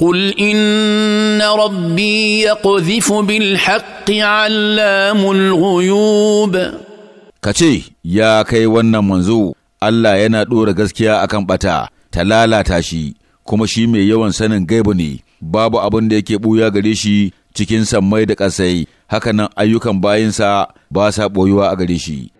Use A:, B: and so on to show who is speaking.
A: قل ان ربي يقذف بالحق علام الغيوب
B: kace ya kai wannan manzo Allah yana ɗora gaskiya akan ɓata ta lalata shi kuma shi mai yawan sanin gaibu ne babu abin da yake ɓuya gare shi cikin sammai da ƙasai hakanan ayyukan bayansa ba sa ɓoyuwa a gare shi